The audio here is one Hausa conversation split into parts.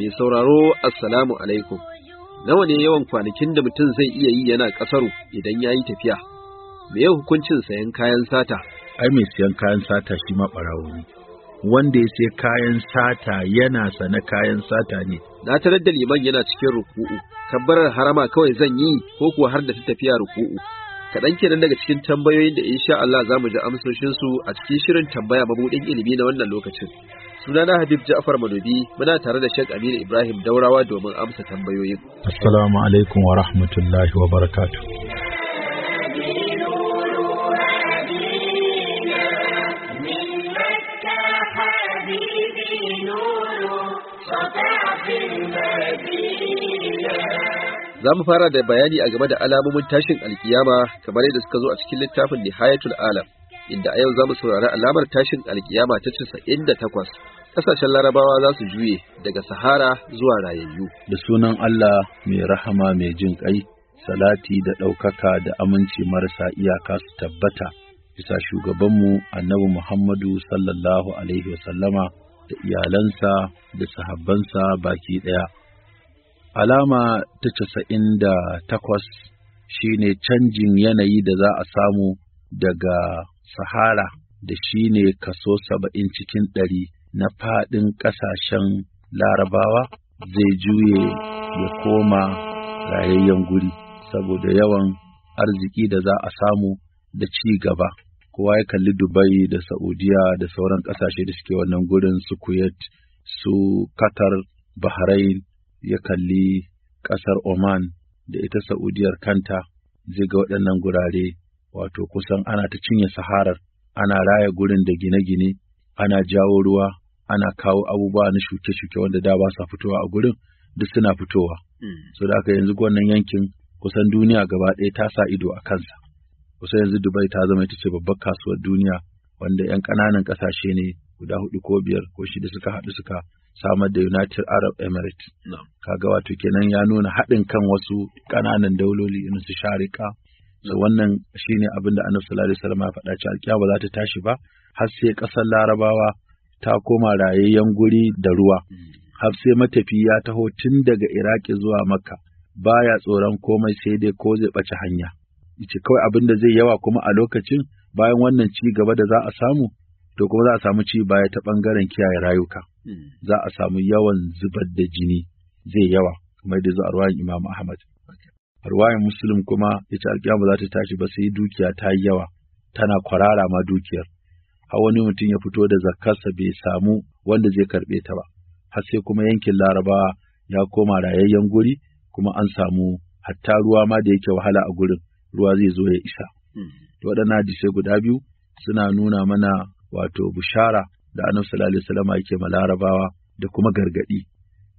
Mai sauraro Assalamu alaikum, nawa ne yawan kwanakin da mutum zai iya yi yana ƙasaru idan ya yi tafiya? Me hukuncin sayan kayan sata? Ai mai sayan kayan sata shi ma ɓarawo wanda ya sai kayan sata yana sana kayan sata ne. Na tarar da liman yana cikin ruku'u, kabbarar harama kawai zan yi ko kuwa har da ta tafiya ruku'u. Kaɗan kenan daga cikin tambayoyin da in sha Allah za mu ji amsoshinsu a cikin shirin tambaya mabuɗin ilimi na wannan lokacin. Suna na Habib Ja'far Madobi muna tare da Sheikh Aminu Ibrahim Daurawa domin amsa tambayoyin. Assalamu alaikum wa rahmatullahi wa barakatuh. za mu fara da bayani a game da alamomin tashin alkiyama kamar yadda suka zo a cikin littafin nihayatul alam inda a yau za mu saurari alamar tashin alkiyama ta casa'in da takwas ƙasashen larabawa za su juye daga sahara zuwa rayayyu da sunan allah mai rahama mai jin ƙai salati da ɗaukaka da aminci marasa iyaka su tabbata bisa shugabanmu annabi muhammadu sallallahu alaihi wasallama da iyalansa da sahabbansa baki ɗaya Alama ta casa'in da takwas shi ne canjin yanayi da za a samu daga Sahara da shi ne kaso saba'in cikin ɗari na faɗin ƙasashen larabawa zai juye ya koma rayayyen guri saboda yawan arziki da za a samu da ci gaba kowa ya kalli dubai da saudiya da sauran ƙasashe da suke wannan gurin su kuwait su qatar bahrain ya kalli ƙasar Oman da ita Sa'udiyar kanta zai ga waɗannan gurare wato kusan ana ta cinye saharar ana raya gurin da gine-gine ana jawo ruwa ana kawo abubuwa na shuke-shuke wanda da ba sa fitowa a gurin duk suna fitowa. Hmm. So da aka yanzu wannan yankin kusan duniya gaba ɗaya ta sa ido a kansa. Kusan yanzu Dubai ta zama ita ce babbar kasuwar duniya wanda 'yan ƙananan ƙasashe ne guda hudu ko biyar ko shida suka haɗu suka samar da United Arab Emirates. Ka Kaga wato kenan ya nuna haɗin kan wasu ƙananan dauloli in su Sharika. So wannan shine abin da Annabi sallallahu alaihi ya faɗa cewa alƙiyama ba za ta tashi ba har sai ƙasar Larabawa ta koma rayayyen guri da ruwa. Hmm. Har sai matafi ya taho tun daga Iraki zuwa Makka baya tsoron komai sai dai ko zai ɓace hanya. Ice kawai abin da zai yawa kuma a lokacin bayan wannan ci gaba da za a samu to kuma za a samu ci baya ta ɓangaren kiyaye rayuka. Hmm. Za a samu yawan zubar da jini zai yawa kamar yadda zuwa ruwan Imam Ahmad. A Muslim kuma ya ce alƙiyama za ta tashi ba sai dukiya ta yi yawa tana kwarara ma dukiyar. Har wani mutum ya fito da zakarsa bai samu wanda zai karɓe ta ba. Har sai kuma yankin Larabawa ya koma rayayyen guri kuma an samu hatta ruwa ma da yake wahala a gurin ruwa zai zo ya isa. Hmm. Waɗannan hadisai guda biyu suna nuna mana wato bushara da Annabi sallallahu alaihi wasallam yake ma Larabawa da kuma gargadi.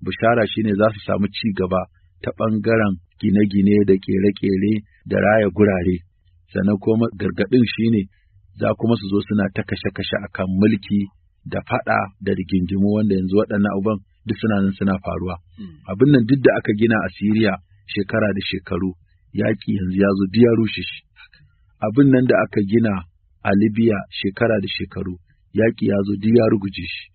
Bushara shine za su samu ci gaba ta ɓangaren gine-gine da kere-kere da raya gurare, sannan kuma gargadin shine za kuma su zo suna ta kashe-kashe akan mulki da faɗa da rigingimu wanda yanzu waɗannan abubuwan duk suna nan suna faruwa. Hmm. Abin nan duk da aka gina a Siriya shekara da shekaru, yaƙi yanzu ya zo ya rushe shi. Abin nan da aka gina a Libya shekara da shekaru, yaƙi ya zo duk ya ruguje shi,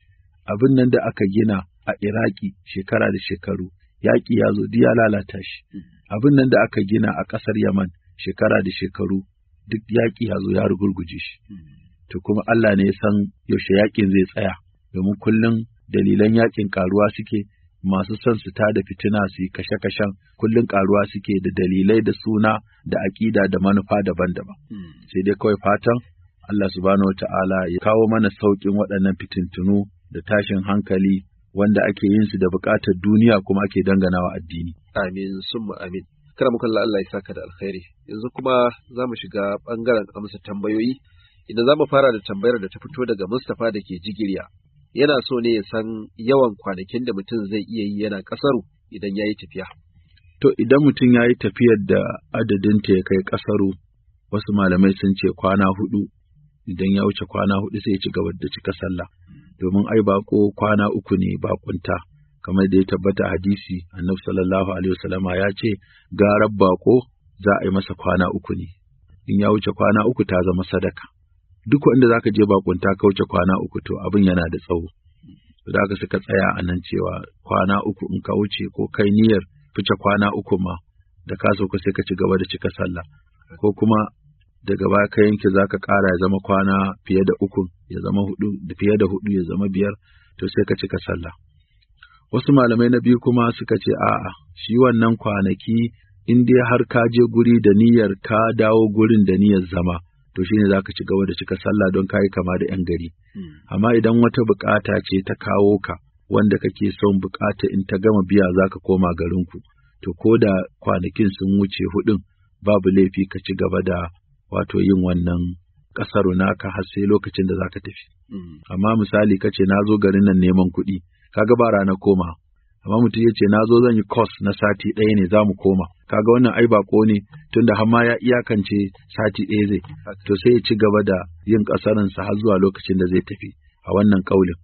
abin nan da aka gina a Iraki shekara da shekaru, yaƙi ya zo duk ya lalata shi, abin nan da aka gina a ƙasar Yaman shekara da shekaru, duk yaƙi ya zo ya ruguje shi. To kuma Allah ne ya san yaushe yaƙin zai tsaya, domin kullum dalilan yaƙin ƙaruwa suke, masu son su tada fitina su yi kashe-kashen kullum karuwa suke da dalilai da suna da aƙida da manufa daban-daban. Hmm. Sai dai kawai fatan Allah subhanahu wata'ala ya kawo mana sauƙin waɗannan fitintunu da tashin hankali wanda ake yin su da buƙatar duniya kuma ake danganawa addini. Amin summa amin. Kana mu kalla Allah ya saka da alkhairi. Yanzu kuma za mu shiga ɓangaren amsa tambayoyi. Idan za mu fara da tambayar da ta fito daga Mustapha da ke Jigiriya. Yana so ne ya san yawan kwanakin da mutum zai iya yi yana ƙasaru idan ya yi tafiya. To idan mutum ya yi tafiyar da adadinta ya kai ƙasaru, wasu malamai sun ce kwana hudu idan ya wuce kwana hudu sai ya ci gaba da cika sallah domin ai bako kwana uku ne bakunta kamar da ya tabbata hadisi annabi sallallahu alaihi wasallama ya ce garar bako za a yi masa kwana uku ne in ya wuce kwana uku ta zama sadaka duk wanda zaka je bakunta ka wuce kwana uku to abin yana da tsawo zaka suka tsaya a nan cewa kwana uku in ka wuce ko kai niyyar fice kwana uku ma da ka so ka sai ka ci gaba da cika sallah ko kuma daga baya ka yanke za ka ƙara ya zama kwana fiye da uku ya zama hudu fiye da hudu ya zama biyar to sai ka ci ka sallah wasu malamai na biyu kuma suka ce a'a shi wannan kwanaki in dai har ka je guri da niyyar ka dawo gurin da niyyar zama to shine zaka ci gaba da cika sallah don kai kama da yan gari hmm. amma idan wata bukata ce ta kawo ka wanda kake son bukata in ta gama biya zaka koma garinku to ko da kwanakin sun wuce hudun babu laifi ka ci gaba da wato yin wannan kasaru naka har sai lokacin da za ka tafi. Mm. Amma misali ka ce na zo garin nan neman kuɗi, kaga ba rana koma. Amma mutum ya ce na zo zan yi kos na sati ɗaya ne za mu koma. Ka ga wannan ai bako ne tunda har ma ya iyakance sati ɗaya zai. To sai ya ci gaba da yin kasarinsa har zuwa lokacin da zai tafi a wannan ƙaulin.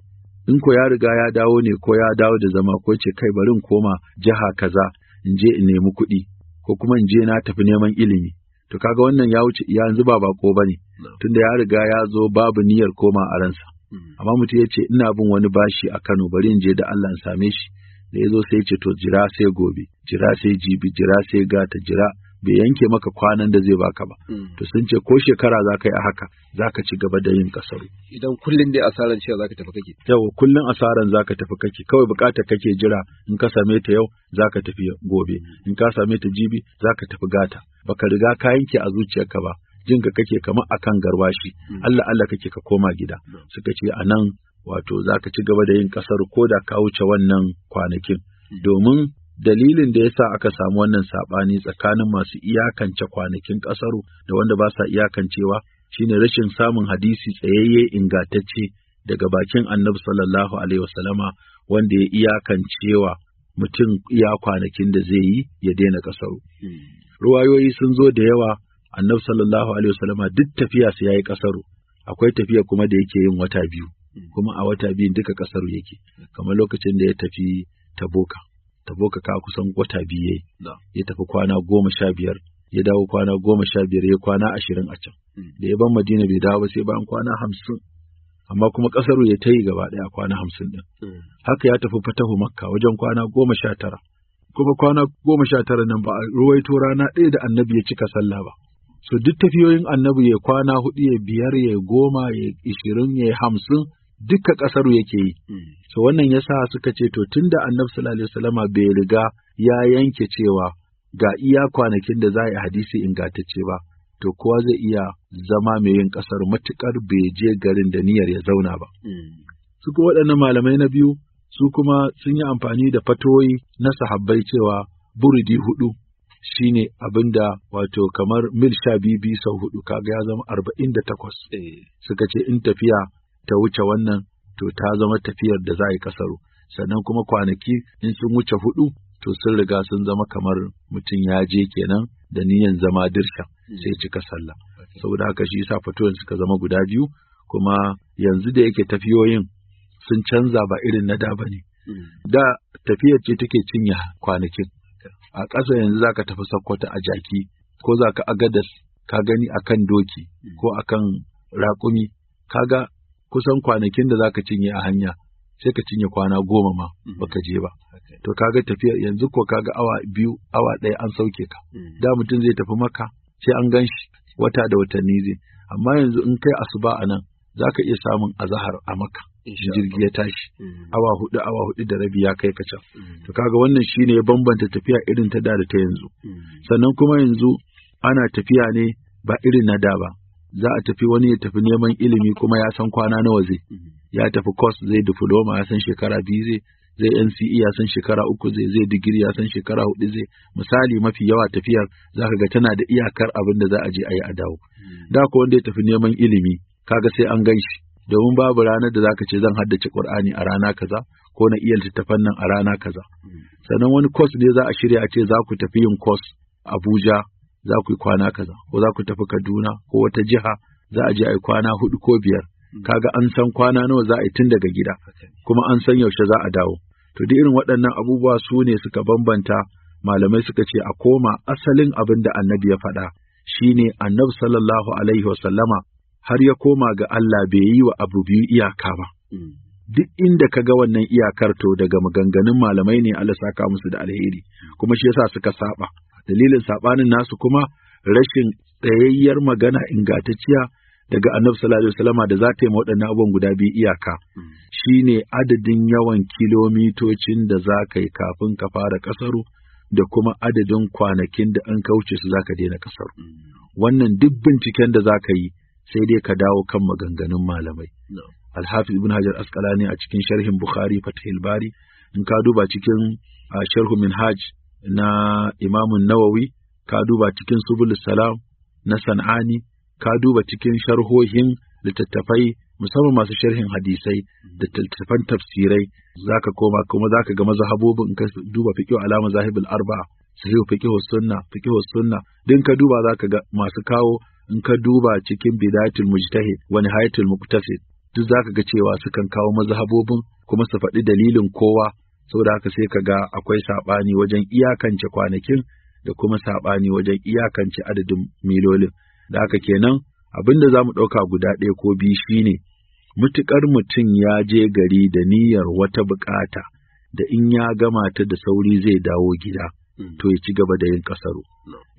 In ko ya riga ya dawo ne ko ya dawo da zama ko ce kai bari in koma jiha kaza in je in nemi kuɗi ko kuma in je na tafi neman ilimi. to kaga wannan ya wuce ya yanzu ba bako bane tunda ya riga ya zo babu niyyar koma a ransa mm-hmm. amma mutum ya ce ina bin wani bashi a Kano bari in je da Allah in same shi da ya zo sai ya ce to jira sai gobe jira sai jibi jira sai gata jira bai yanke maka kwanan da zai baka ba hmm. to sun ce ko shekara za ka yi a haka za ka ci gaba da yin kasaru idan kullum dai asaran ce za ka tafi kake Yau, kullum asaran za ka tafi kake kawai bukatar kake jira in ka same ta yau za ka tafi gobe hmm. in ka same ta jibi za ka tafi gata baka riga ka yanke a zuciyarka ba jinka kake kamar akan garwashi hmm. Allah Allah kake ka koma gida suka ce anan wato za ka ci gaba da yin kasar ko da ka wuce wannan kwanakin domin dalilin da ya sa aka samu wannan saɓani tsakanin masu iyakance kwanakin ƙasaru da wanda ba sa iyakancewa shine rashin samun hadisi tsayayye ingantacce daga bakin annabi sallallahu alaihi wasallama wanda ya iyakancewa mutum iya kwanakin da zai yi ya daina ƙasaru. Ruwayoyi sun zo da yawa annabi sallallahu alaihi wasallama duk tafiya sa yayi ƙasaru akwai tafiya kuma da yake yin wata biyu kuma a wata biyu duka ƙasaru yake kamar lokacin da ya tafi taboka. taboka ka kusan wata biyu ya tafi kwana goma sha biyar ya dawo kwana goma sha biyar ya kwana ashirin a can hmm. da ya ban madina bai dawo ba sai bayan kwana hamsin amma kuma kasar ya ta yi gaba ɗaya kwana hamsin ɗin hmm. haka ya tafi fatahu makka wajen kwana goma sha tara kuma kwana goma sha tara nan ba a ruwaito rana ɗaya da annabi ya cika sallah ba so duk tafiyoyin annabi ya kwana hudu ya biyar ya goma ya ishirin ya hamsin duka ƙasaru yake yi. Hmm. So wannan ya sa suka ce to tun da annabi sallallahu alaihi bai riga ya yanke cewa ga iya kwanakin da za a yi hadisi ingantacce ba, to kowa zai iya zama mai yin ƙasar matuƙar bai je garin da niyyar ya zauna ba. Hmm. Su kuma waɗannan malamai na biyu su kuma sun yi amfani da fatoyi na sahabbai cewa buridi hudu shine abin da wato kamar mil sha biyu sau hudu kaga ya zama arba'in da takwas. Eh. Suka ce in tafiya ta wuce wannan to ta zama tafiyar da za a yi kasaro sannan kuma kwanaki in sun wuce hudu to sun riga sun zama kamar mutum ya je kenan da niyan zama dirka sai cika sallah mm. saboda haka shi yasa fatuwar suka zama guda biyu kuma yanzu da yake tafiyoyin sun canza ba irin na da bane mm. da tafiyar ce take cinya kwanakin a ƙasa yanzu zaka tafi Sokoto a jaki ko zaka agadas ka gani akan doki mm. ko akan raƙumi kaga kusan kwanakin da zaka cinye a hanya sai ka cinye kwana goma ma mhm. baka je ba to kaga tafiya yanzu ko kaga awa biyu awa ɗaya an sauke ka mhm. da mutum zai tafi maka sai an gan shi wata da watanni zai amma yanzu in kai asuba a nan zaka iya samun azahar a maka jirgi ya tashi mhm. awa hudu awa hudu da rabi ya kai ka can to kaga wannan shine ya bambanta tafiya irin ta da ta yanzu sannan kuma yanzu ana tafiya ne ba irin na da ba za a tafi wani ya tafi neman ilimi kuma ya san kwana nawa zai mm-hmm. ya tafi course zai diploma ya san shekara biyu zai zai NCE ya san shekara uku zai zai digiri ya san shekara hudu zai misali mafi yawa tafiyar zaka ga tana da iyakar abin da za a je a yi a dawo mm-hmm. da ko wanda ya tafi neman ilimi kaga sai an ganshi domin babu ranar da zaka ce zan haddace Qur'ani a rana kaza ko na iya littattafan nan a rana kaza mm-hmm. sannan wani course ne za a shirya a ce za ku tafi yin course Abuja za ku yi kwana kaza ko za ku tafi Kaduna ko wata jiha za a je a yi kwana hudu ko biyar mm. kaga an san kwana nawa za a yi tun daga gida kuma an san yaushe za a dawo to duk irin waɗannan abubuwa su ne suka bambanta malamai suka ce a koma asalin abin da annabi ya faɗa shine annabi sallallahu alaihi wa sallama har ya koma ga Allah bai yi wa abu biyu iyaka ba mm. duk inda ka ga wannan iyakar to daga maganganun malamai ne Allah saka musu da alheri kuma shi yasa suka saba dalilin saɓanin nasu kuma rashin tsayayyar magana ingantacciya daga annabi sallallahu alaihi wasallama da za ta yi waɗannan abubuwan guda biyu iyaka shine adadin yawan kilomitocin da za ka yi kafin ka fara kasaru da kuma adadin kwanakin da an kauce su za ka daina kasaru wannan duk binciken da za ka yi sai dai ka dawo kan maganganun malamai alhafiz ibn hajar asqalani a cikin sharhin bukhari fathul bari in ka duba cikin sharhu minhaj na imamun nawawi ka duba cikin subul salam na san'ani ka duba cikin sharhohin littattafai musamman masu sharhin hadisai da littattafan tafsirai zaka koma kuma zaka ga mazhabobin ka duba fiqh alama zahibul arba'a sahihu fiqh sunna fiqh sunna din ka duba zaka ga masu kawo in ka duba cikin bidayatul mujtahid wa nihayatul muqtasid duk zaka ga cewa sukan kawo mazhabobin kuma su faɗi dalilin kowa saboda haka sai ka ga akwai saɓani wajen iyakance kwanakin da kuma saɓani wajen iyakance adadin milolin. Da haka kenan abin da za mu ɗauka guda ɗaya ko biyu shine mutuƙar mutum ya je gari da niyyar wata buƙata da in ya gama ta da sauri zai dawo gida, mm. to ya ci gaba da yin ƙasaro.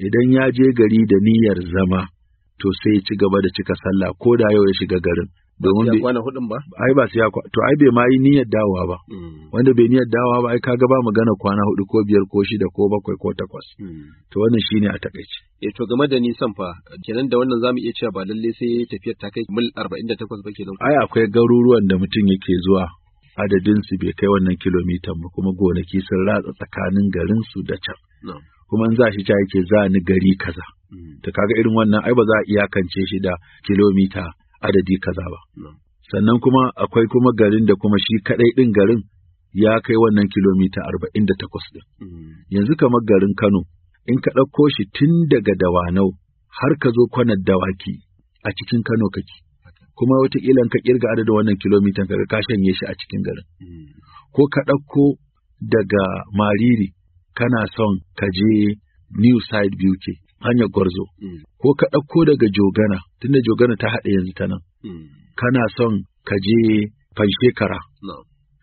Idan ya je gari da niyyar zama, to sai ya ci gaba da cika sallah ko da yau ya shiga garin, domin bai kwana hudun ba ai ba sai ya to ai bai ma yi niyyar dawowa ba hmm. wanda bai niyyar dawowa ba ai kaga ba magana kwana hudu ko biyar ko shida ko bakwai ko takwas hmm. to wannan shine a takaice eh to game da nisan fa kenan da wannan zamu iya cewa ba lalle sai tafiyar ta kai mil 48 ba kenan ai akwai garuruwan da mutum yake zuwa adadin su bai kai wannan kilomitan ba kuma gonaki sun ratsa tsakanin garin su da can kuma in za shi ta yake za ni gari kaza hmm. to kaga irin wannan ai ba za a iyakance shi da kilomita adadi kaza ba. Sannan kuma akwai kuma garin da kuma shi kaɗai ɗin garin ya kai wannan kilomita arba'in da takwas ɗin. Mm. Yanzu kamar garin Kano, in ka ɗauko shi tun daga Dawanau har ka zo kwanar dawaki a cikin Kano kake. Kuma wataƙila ka ƙirga adadin wannan kilomitan ka ka shanye shi a cikin garin. Mm. Ko ka ɗauko daga Mariri kana son ka je New Side Beauty hanyar gwarzo mm. ko ka ɗauko daga jogana tunda jogana ta haɗa yanzu ta nan mm. kana son ka je fanshekara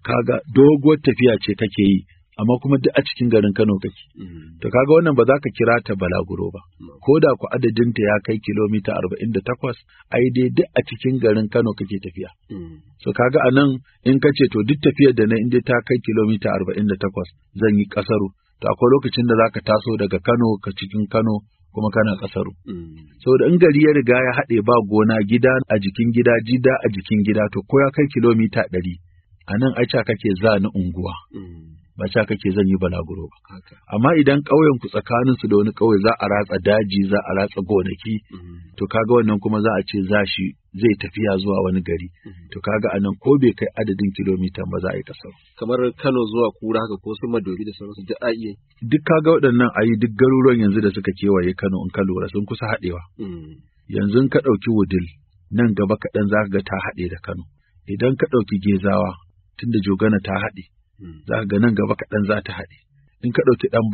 kaga doguwar tafiya ce kake yi amma kuma duk a cikin garin Kano kake. Mm. To kaga wannan ba za ka kira ta balaguro ba. Ko da ku adadinta ya kai kilomita arba'in da takwas, ai dai duk a cikin garin Kano kake tafiya. So kaga a nan in ka ce to duk tafiyar da na in dai ta kai kilomita arba'in da takwas zan yi kasaru. To akwai lokacin da za ka taso daga Kano ka cikin Kano kuma kana kasaru. Mm. Saboda in gari ya riga ya haɗe ba gona gida a jikin gida jida a jikin gida to ko ya kai kilomita ɗari a nan kake za ni unguwa. Mm. Ba ca kake zan yi balaguro ba. Amma idan ƙauyen ku tsakanin su da wani ƙauye za a ratsa daji za a ratsa gonaki mm. to kaga wannan kuma za a ce za shi zai tafiya zuwa wani gari mhm. to kaga anan ko bai kai adadin kilomita ba za a yi kasar kamar Kano zuwa Kura haka ko sun Madobi da sauransu duk a iya duk kaga waɗannan ayi duk garuruwan yanzu da suka kewaye Kano in ka lura sun kusa haɗewa mm. yanzu ka ɗauki Wudil nan gaba kaɗan za ga ta haɗe da Kano idan ka ɗauki Gezawa tunda Jogana ta haɗe mm. za ga nan gaba kaɗan za ta haɗe in ka ɗauki ɗan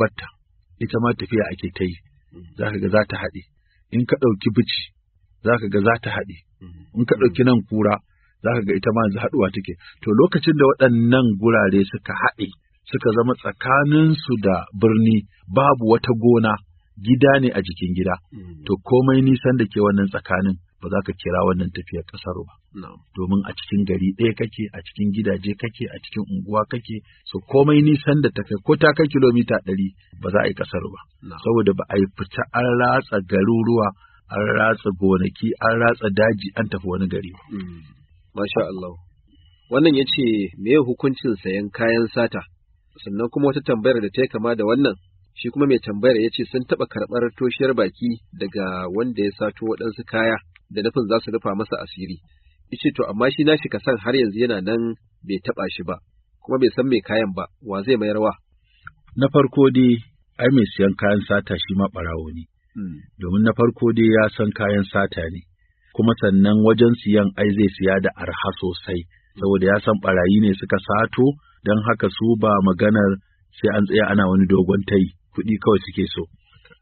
ita ma tafiya ake ta yi mm. za ka ga za ta haɗe in ka ɗauki bici za ka ga za ta haɗe. Mm-hmm. In ka ɗauki nan kura za ka ga ita ma yanzu haɗuwa take. To lokacin da waɗannan gurare suka haɗe suka zama tsakaninsu da birni babu wata gona gida ne a jikin gida. Mm-hmm. To komai nisan da ke wannan tsakanin ba za ka kira wannan tafiyar ƙasar ba. Domin a cikin gari ɗaya kake, a cikin gidaje kake, a cikin unguwa kake, so komai nisan da ta kai ko ta kai kilomita ɗari ba za a yi ƙasar ba. Saboda ba a yi fita an ratsa garuruwa an ratsa gonaki an ratsa daji an tafi wani gari hmm. masha Allah wannan ya ce me hukuncin sayan kayan sata sannan kuma wata tambayar da ta yi kama da wannan shi kuma mai tambayar ya ce sun taɓa karɓar toshiyar baki daga wanda ya sato waɗansu kaya da nufin za su rufa masa asiri ice to amma shi nashi ka san har yanzu yana nan bai taɓa shi ba kuma bai san mai kayan ba wa zai mayar wa na farko dai ai mai siyan kayan sata shi ma ɓarawo ne Hmm. domin na farko dai ya san kayan sata ne, kuma sannan wajen siyan ai zai siya da arha sosai, saboda ya san barayi ne suka sato, don haka su ba maganar sai an tsaya ana wani dogon tayi, kuɗi kawai suke so.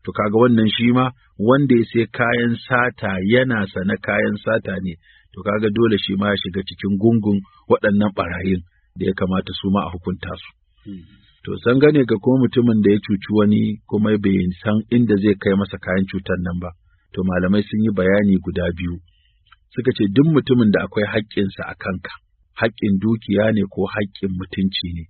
To kaga wannan shi ma wanda ya sai kayan sata yana sana kayan sata ne, to kaga dole shi ma ya shiga cikin gungun waɗannan ɓarayin da ya kamata su ma a hukunta su. Hmm. To san gane ga kuma mutumin da ya cuci wani kuma bai san inda zai kai masa kayan cutar nan ba. To malamai sun yi bayani guda biyu. Suka ce duk mutumin da akwai haƙƙinsa a kanka, haƙƙin dukiya ne ko haƙƙin mutunci ne.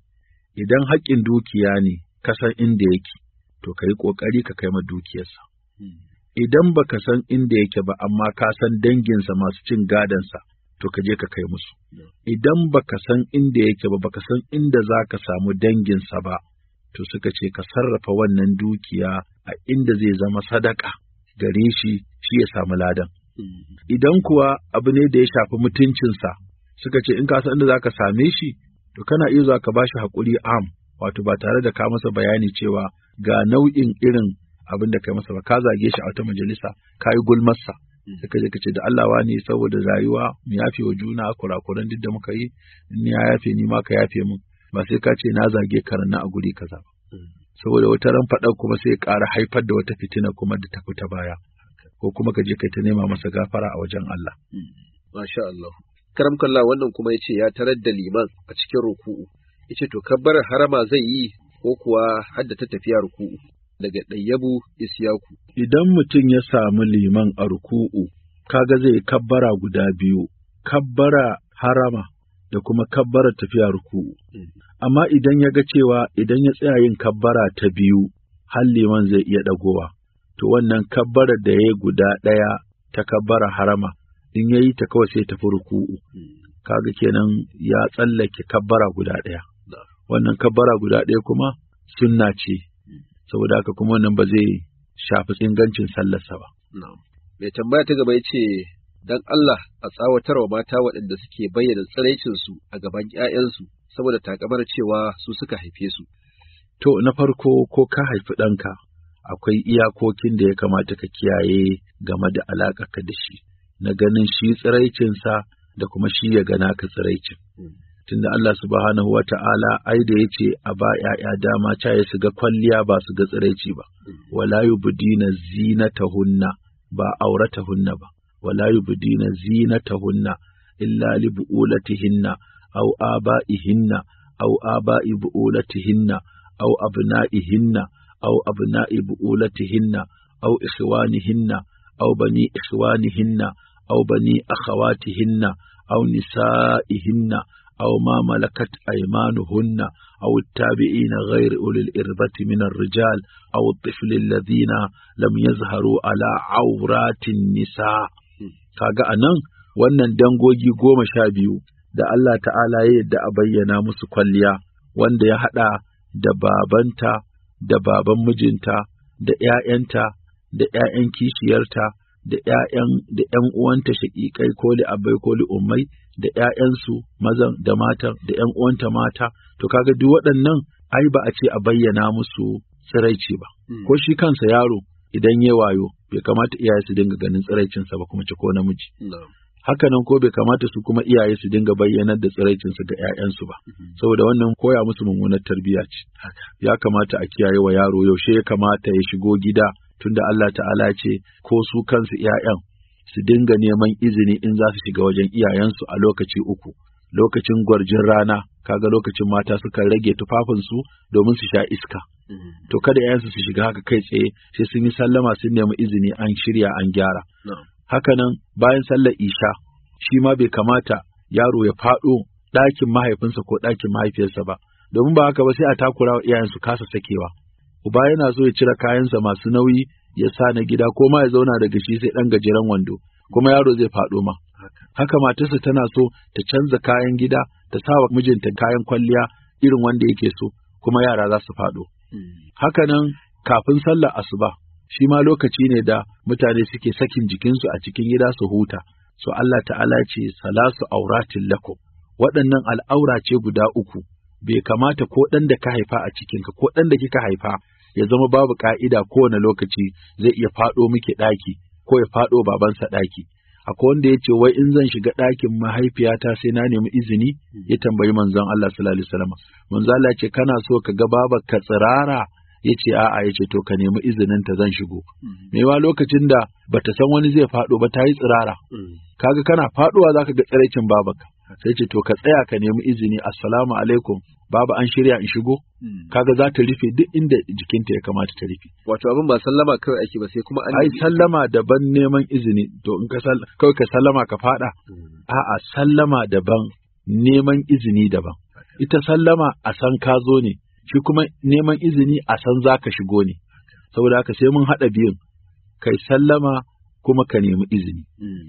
Idan haƙƙin dukiya ne, ka san inda yake, to ka yi ƙoƙari ka kai ma dukiyarsa. Hmm. Idan baka san inda yake ba, amma ka san danginsa masu cin sa to ka je ka kai musu idan baka san inda yake ba baka san inda zaka ka samu danginsa ba to suka ce ka sarrafa wannan dukiya a inda zai zama sadaka gare shi shi ya samu ladan mm-hmm. idan kuwa abu ne da ya shafi mutuncinsa suka ce in ka san inda za ka same shi to kana iya zuwa ka ba shi haƙuri am wato ba tare da ka masa bayani cewa ga nau'in irin abin da kai masa ba ka zage shi a wata majalisa ka yi sa. Mm. sai ka je ka ce da Allah wani saboda rayuwa mu yafe wa juna kurakuran duk da muka yi in ni ya yafe ni ma ka yafe mun ba sai ka ce na zage karanna a guri kaza ba mm. saboda wata ran faɗa kuma sai ƙara haifar da wata fitina kuma da ta fita baya ko kuma ka je kai ta nema masa gafara a wajen Allah mm. masha Allah karam kalla wannan kuma yace ya tarar da liman a cikin ruku'u yace to kabbar harama zai yi ko kuwa hadda ta tafiya ruku'u daga ɗayyabu isyaku. Idan mutum ya samu liman a ruku'u, kaga zai kabbara guda biyu, kabbara harama da kuma kabbara tafiya ruku'u. Amma idan ya ga cewa idan ya tsaya yin kabbara ta biyu, har liman zai iya ɗagowa, to wannan kabbara da ya guda ɗaya ta kabbara harama, in ya yi ta kawai sai tafi ruku'u. Kaga kenan ya tsallake kabbara guda ɗaya. Wannan kabbara guda ɗaya kuma sunna ce saboda haka kuma wannan ba zai shafi ingancin sallarsa ba. Mai tambaya ta gaba ya ce, Don Allah a tsawatar wa mata waɗanda suke bayyana tsiraicinsu a gaban ‘ya'yansu saboda takamar cewa su suka haife su. To, na farko ko ka haifi ɗanka, akwai iyakokin da ya kamata ka kiyaye game da ka da shi, na ganin shi tsiraicinsa da kuma shi ya gana ka tsiraicin. Hmm. tunda Allah subhanahu wa ta'ala ai da yace a ba ‘ya'ya dama caye su ga kwalliya ba su ga tsiraici ba, wala yubdina zinatahunna ba auratahunna ba, wala yubdina zinatahunna illa li bu'ulatihinna aw aba'ihinna aw aba'i bu'ulatihinna aw abna'ihinna aw abna'i bu'ulatihinna aw ikhwanihinna aw bani ikhwanihinna aw bani akhawatihinna aw nisa'ihinna أو ما ملكت أيمانهن أو التابعين غير أولي الإربة من الرجال أو الطفل الذين لم يظهروا على عورات النساء kaga anan wannan dangogi goma sha biyu da Allah ta'ala ya yadda a bayyana musu kwalliya wanda ya haɗa da babanta da baban mijinta da ‘ya'yanta da ‘ya'yan kishiyarta da ‘ya'yan da ‘yan uwanta shaƙiƙai ko li abai ko li ummai da ‘ya'yansu mazan da mata da ‘yan uwanta mata, to kaga duk waɗannan ai ba a ce a bayyana musu tsiraici ba. Hmm. Ko shi kansa yaro idan ya wayo bai kamata iyaye su dinga ganin tsiraicinsa ba kuma ci ko namiji. Haka Hakanan ko bai kamata su kuma iyaye su dinga bayyanar da tsiraicinsu ga ‘ya'yansu ba, hmm. saboda wannan koya musu mummunar tarbiyya ce. Ya kamata a kiyaye wa yaro yaushe ya kamata ya shigo gida tunda Allah ta'ala ce ko su kansu ‘ya'yan su dinga neman izini in za su shiga wajen iyayensu a lokaci uku lokacin gwarjin rana kaga lokacin mata suka rage tufafinsu domin su sha iska mm-hmm. to kada yayansu su shiga haka kai tsaye sai sun yi sallama sun nemi izini an shirya an gyara Haka hakanan bayan sallar isha shi ma bai kamata yaro ya faɗo ɗakin mahaifinsa ko ɗakin mahaifiyarsa ba domin ba haka ba sai a takura wa iyayen su kasa sakewa uba yana so ya cire kayansa masu nauyi ya sa na gida ko ma ya zauna daga shi sai ɗan gajeren wando kuma yaro zai faɗo ma. Haka matarsa tana so ta canza kayan gida ta sa wa mijinta kayan kwalliya irin wanda yake so kuma yara za su faɗo. Haka nan kafin sallar asuba shi ma lokaci ne da mutane suke sakin jikinsu a cikin gida su huta. So Allah ta'ala ce salasu auratin lako waɗannan al'aura ce guda uku bai kamata ko ɗan da ka haifa a cikinka ko ɗan da kika haifa ya zama babu ka'ida kowane lokaci zai iya faɗo muke ɗaki ko ya faɗo babansa ɗaki. Akwai wanda ya ce wai in zan shiga ɗakin mahaifiyata sai na nemi izini ya tambayi manzon Allah sallallahu alaihi wasallam. Manzon Allah ce kana so ka ga baba ka tsirara ya ce a'a ya ce to ka nemi izinin ta zan shigo. Mm-hmm. ma lokacin da bata san wani zai faɗo ba ta yi tsirara. Mm-hmm. Kaga kana faɗowa zaka ga tsiraicin babak? Sai ce to ka tsaya ka nemi izini assalamu alaikum babu an shirya in shigo hmm. kaga za ta rufe duk inda jikinta ya kamata ta rufe wato abin ba sallama kawai ake ba sai kuma an ai sallama daban neman izini to in ka kawai ka sallama ka fada hmm. a'a sallama daban neman izini daban ita sallama a san ka zo ne shi kuma neman izini a san za ka shigo ne saboda haka sai mun haɗa biyun kai sallama kuma ka nemi izini hmm.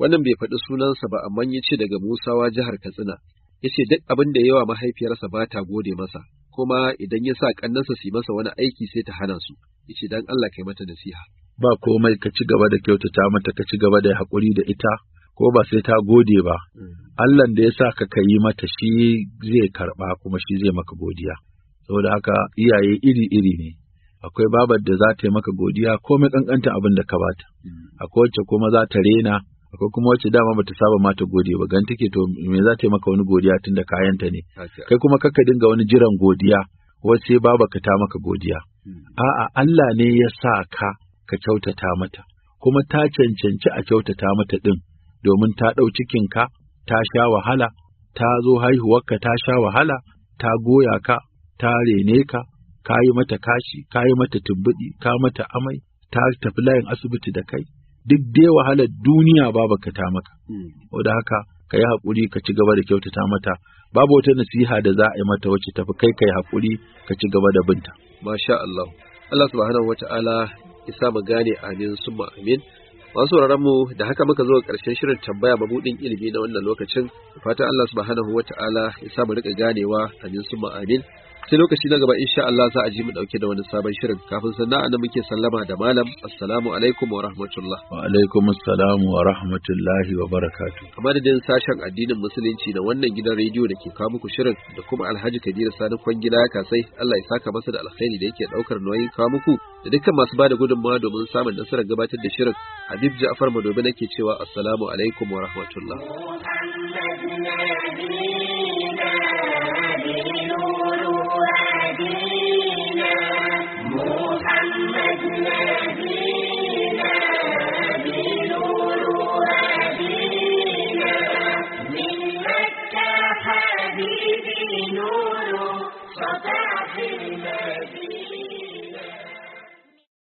wannan bai faɗi sunansa ba amma ya ce daga musawa jihar katsina ya duk abin da yawa mahaifiyarsa ba ta gode masa, kuma idan ya sa ƙannansa su yi masa wani aiki sai ta hana su, ya ce don Allah kai mata nasiha. Ba komai ka ci gaba da kyautata mata ka ci gaba da haƙuri da ita, ko ba sai ta gode ba, mm. allah da ya sa ka ka yi mata shi zai karɓa kuma shi zai maka godiya. Saboda haka iyaye iri-iri ne, akwai babar da za ta yi maka godiya komai ƙanƙanta abin da ka bata, mm. akwai wacce kuma za ta rena akwai kuma wacce dama bata saba mata godiya ba ganta ke to me za ta yi maka wani godiya tunda kayan ta ne kai kuma kakka dinga wani jiran godiya wacce baba ka ta maka godiya hmm. a'a Allah ne ya sa ka ka kyautata mata kuma ta cancanci a kyautata mata din domin ta ɗau ka ta sha wahala ta zo haihuwar ka ta sha wahala ta goya ka ta rene ka ka yi mata kashi, ka yi mata tumbuɗi, ka mata amai, ta tafi layin asibiti da kai, duk dai wahalar duniya babu ka ta maka hmm. da haka ka yi haƙuri ka ci gaba da kyautata mata babu wata nasiha da za a yi mata wacce tafi kai ka yi haƙuri ka ci gaba da binta masha Allah Allah subhanahu wata'ala isa mu gane amin summa amin masu sauraron mu da haka muka zo ƙarshen shirin tambaya buɗin ilimi na wannan lokacin fatan Allah subhanahu wata'ala ya sa mu rika ganewa amin summa amin sai lokaci na gaba insha Allah za a ji mu dauke da wani sabon shirin kafin sannan anan muke sallama da malam assalamu alaikum wa rahmatullah wa alaikum assalam wa rahmatullahi wa barakatuh kamar da din sashen addinin musulunci da wannan gidan rediyo da ke kawo muku shirin da kuma Alhaji Kabiru Sani Kwangila ya kasai Allah ya saka masa da alkhairi da yake daukar nauyin kawo muku da dukkan masu bada gudunmawa domin samun nasarar gabatar da shirin Habib Ja'far Madobi nake cewa assalamu alaikum wa rahmatullah محمد نبينا بنور هدينا مكة حبيبي نور صباح المدينة